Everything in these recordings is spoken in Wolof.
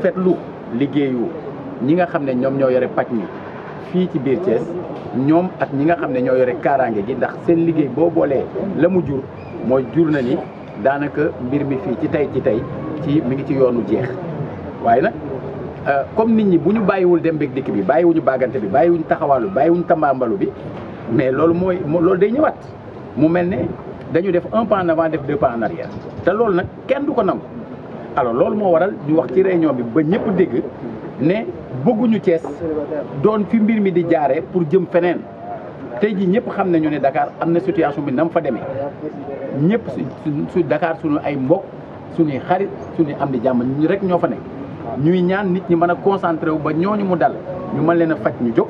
rafetlu liggéeyu ñi nga xam ne ñoom ñoo yore paj mi fii ci biir Thiès ñoom ak ñi nga xam ne ñoo yore kaaraange gi ndax seen liggéey boo boolee la mu jur mooy jur na ni daanaka mbir mi fii ci tey ci tey ci mi ngi ci yoonu jeex waaye nag euh, comme nit ñi bu ñu bàyyiwul dem beeg dikk bi bàyyiwuñu baagante bi bàyyiwuñu taxawaalu bàyyiwuñu tambaambalu bi mais loolu mooy loolu day ñëwaat mu mel ne dañu def un pas avant def deux pas en te loolu nag kenn du ko nangu alors loolu moo waral ñu wax ci réunion bi ba ñëpp dégg ne bëgguñu Thiès doon fi mbir mi di jaaree pour jëm fenen. tey ji ñëpp xam nañu ne Dakar am na situation bi na mu fa demee ñëpp su Dakar suñu ay mbokk suñuy xarit suñuy am di jàmm ñu rek ñoo fa nekk ñuy ñaan nit ñi mën a concentré wu ba ñooñu mu dal ñu mën leen a faj ñu jóg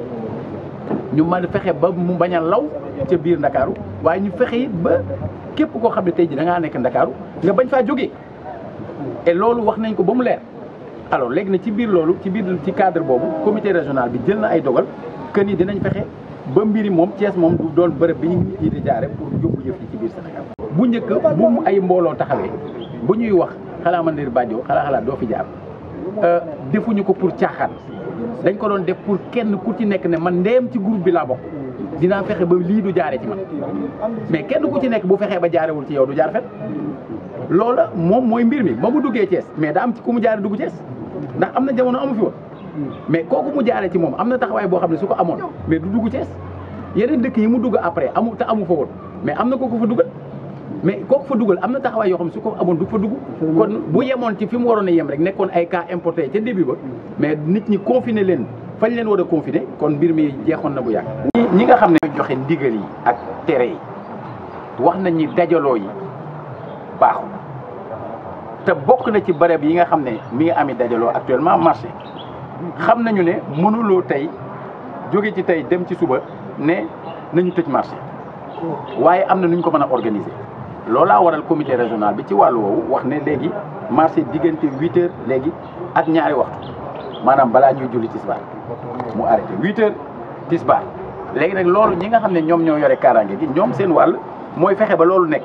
ñu mën fexe ba mu bañ a law ca biir ndakaaru waaye ñu fexe ba képp koo xam ne ji da ngaa nekk ndakaaru nga bañ faa jógee te loolu wax nañ ko ba mu leer alors léegi na ci biir loolu ci biir ci cadre boobu comité régional bi jël na ay dogal que ni dinañ fexe ba mbiri moom cees moom du doon bërëb bi ñu ñi di jaare pour yóbbu yëf yi ci biir Sénégal bu njëkk bu mu ay mbooloo taxawee bu ñuy wax xalaa mandir bàjjoo xalaa xalaa doo fi jaar euh, defuñu ko pour caaxaan dañ ko doon def pour kenn ku ci nekk ne man ndeem ci groupe bi laa bokk dinaa fexe ba lii du jaare ci man mais kenn ku ci nekk bu fexee ba jaarewul ci yow du jaar fet loola moom mooy mbir mi ba mu duggee Thiès mais da am ci ku mu jaare dugg Thiès ndax am na jamono amu fi woon mais kooku mu jaare ci moom am na taxawaay boo xam ne su ko amoon mais du dugg Thiès yeneen dëkk yi mu dugg après amu amu fa woon mais am na kooku fa dugal mais kooku fa dugal am na taxawaay yoo xam ne su ko amoon du fa dugg kon bu yemoon ci fi mu waroon a yem rek nekkoon ay cas importé ca début ba mais nit ñi confiné leen fañ leen war a confiné kon mbir mi jeexoon na bu yàgg ñi nga xam ne joxe ndigal yi ak tere yi wax nañ ni dajaloo yi baaxul te bokk na ci barab yi nga xam ne mi ngi ami dajaloo actuellement marché xam nañu ne mënuloo tey jóge ci tey dem ci suba ne nañu tëj marché waaye am na nu ñu ko mën a organiser a waral comité régional bi ci wàllu woowu wax ne léegi marché diggante huit léegi ak ñaari waxtu maanaam balaa ñuy julli tisbaar mu arrêté huit tisbaar léegi nag loolu ñi nga xam ne ñoom ñoo yore kaaraange gi ñoom seen wàll mooy fexe ba loolu nekk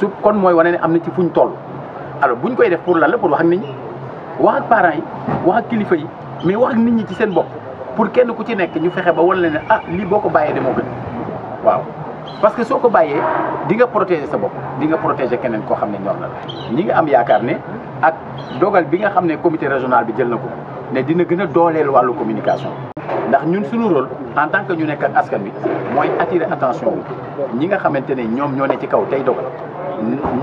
su kon mooy wane ne am ci fuñ toll alors buñ koy def pour lan la pour wax ak nit ñi wax ak parents yi wax ak kilifa yi mais wax ak nit ñi ci seen bopp pour kenn ku ci nekk ñu fexe ba wan la ah lii boo ko bàyyee de moo gën waaw parce que soo ko bàyyee di nga protéger sa bopp di nga protéger keneen koo xam ne ñor na la ñi nga am yaakaar ne ak dogal bi nga xam ne comité régional bi jël na ko ne dina gën a dooleel wàllu communication ndax ñun suñu rôle en tant que ñu nekk ak askan bi mooy attirer attention ñi nga xamante ne ñoom ñoo ne ci kaw tey dogal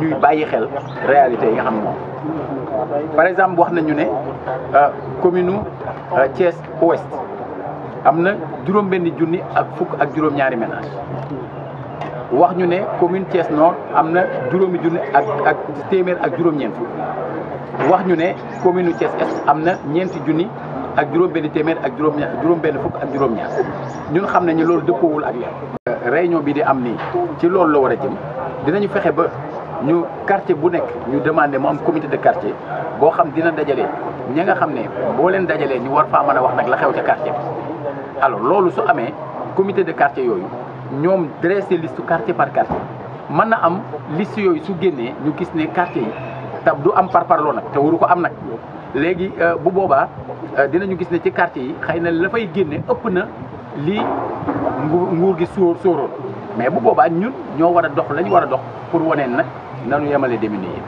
ñuy bàyyi xel réalité yi nga xam moom par exemple wax nañu ne euh, commune euh, Thiès Ouest am na juróom benn junni ak fukk ak juróom ñaari ménage wax ñu ne commune Thiès Nord am na juróomi junni ak ak téeméer ak juróom-ñeent wax ñu ne commune Thiès Est am na ñeenti junni ak juróom benn téeméer ak juróom juróom benn fukk ak juróom ñaar ñun xam nañu loolu dëppoowul ak leen euh, réunion bi di am nii ci loolu la war a jëm dinañu fexe ba ñu quartier bu nekk ñu demandé mu am comité de quartier boo xam dina dajale ña nga xam ne boo leen dajalee ñu war faa mën a wax nag la xew ca quartier bi alors loolu su amee comité de quartier yooyu ñoom dressé liste quartier par quartier mën na am liste yooyu su génnee ñu gis ne quartier yi tab du am par parloo nag te waru ko am nag léegi euh, bu boobaa euh, dinañu gis ne ci quartier yi xëy na la fay génne ëpp na lii nguur gi sóor sóoroon mais bu boobaa ñun ñoo war a dox la ñu war a dox pour wane nag nanu yemale demine yi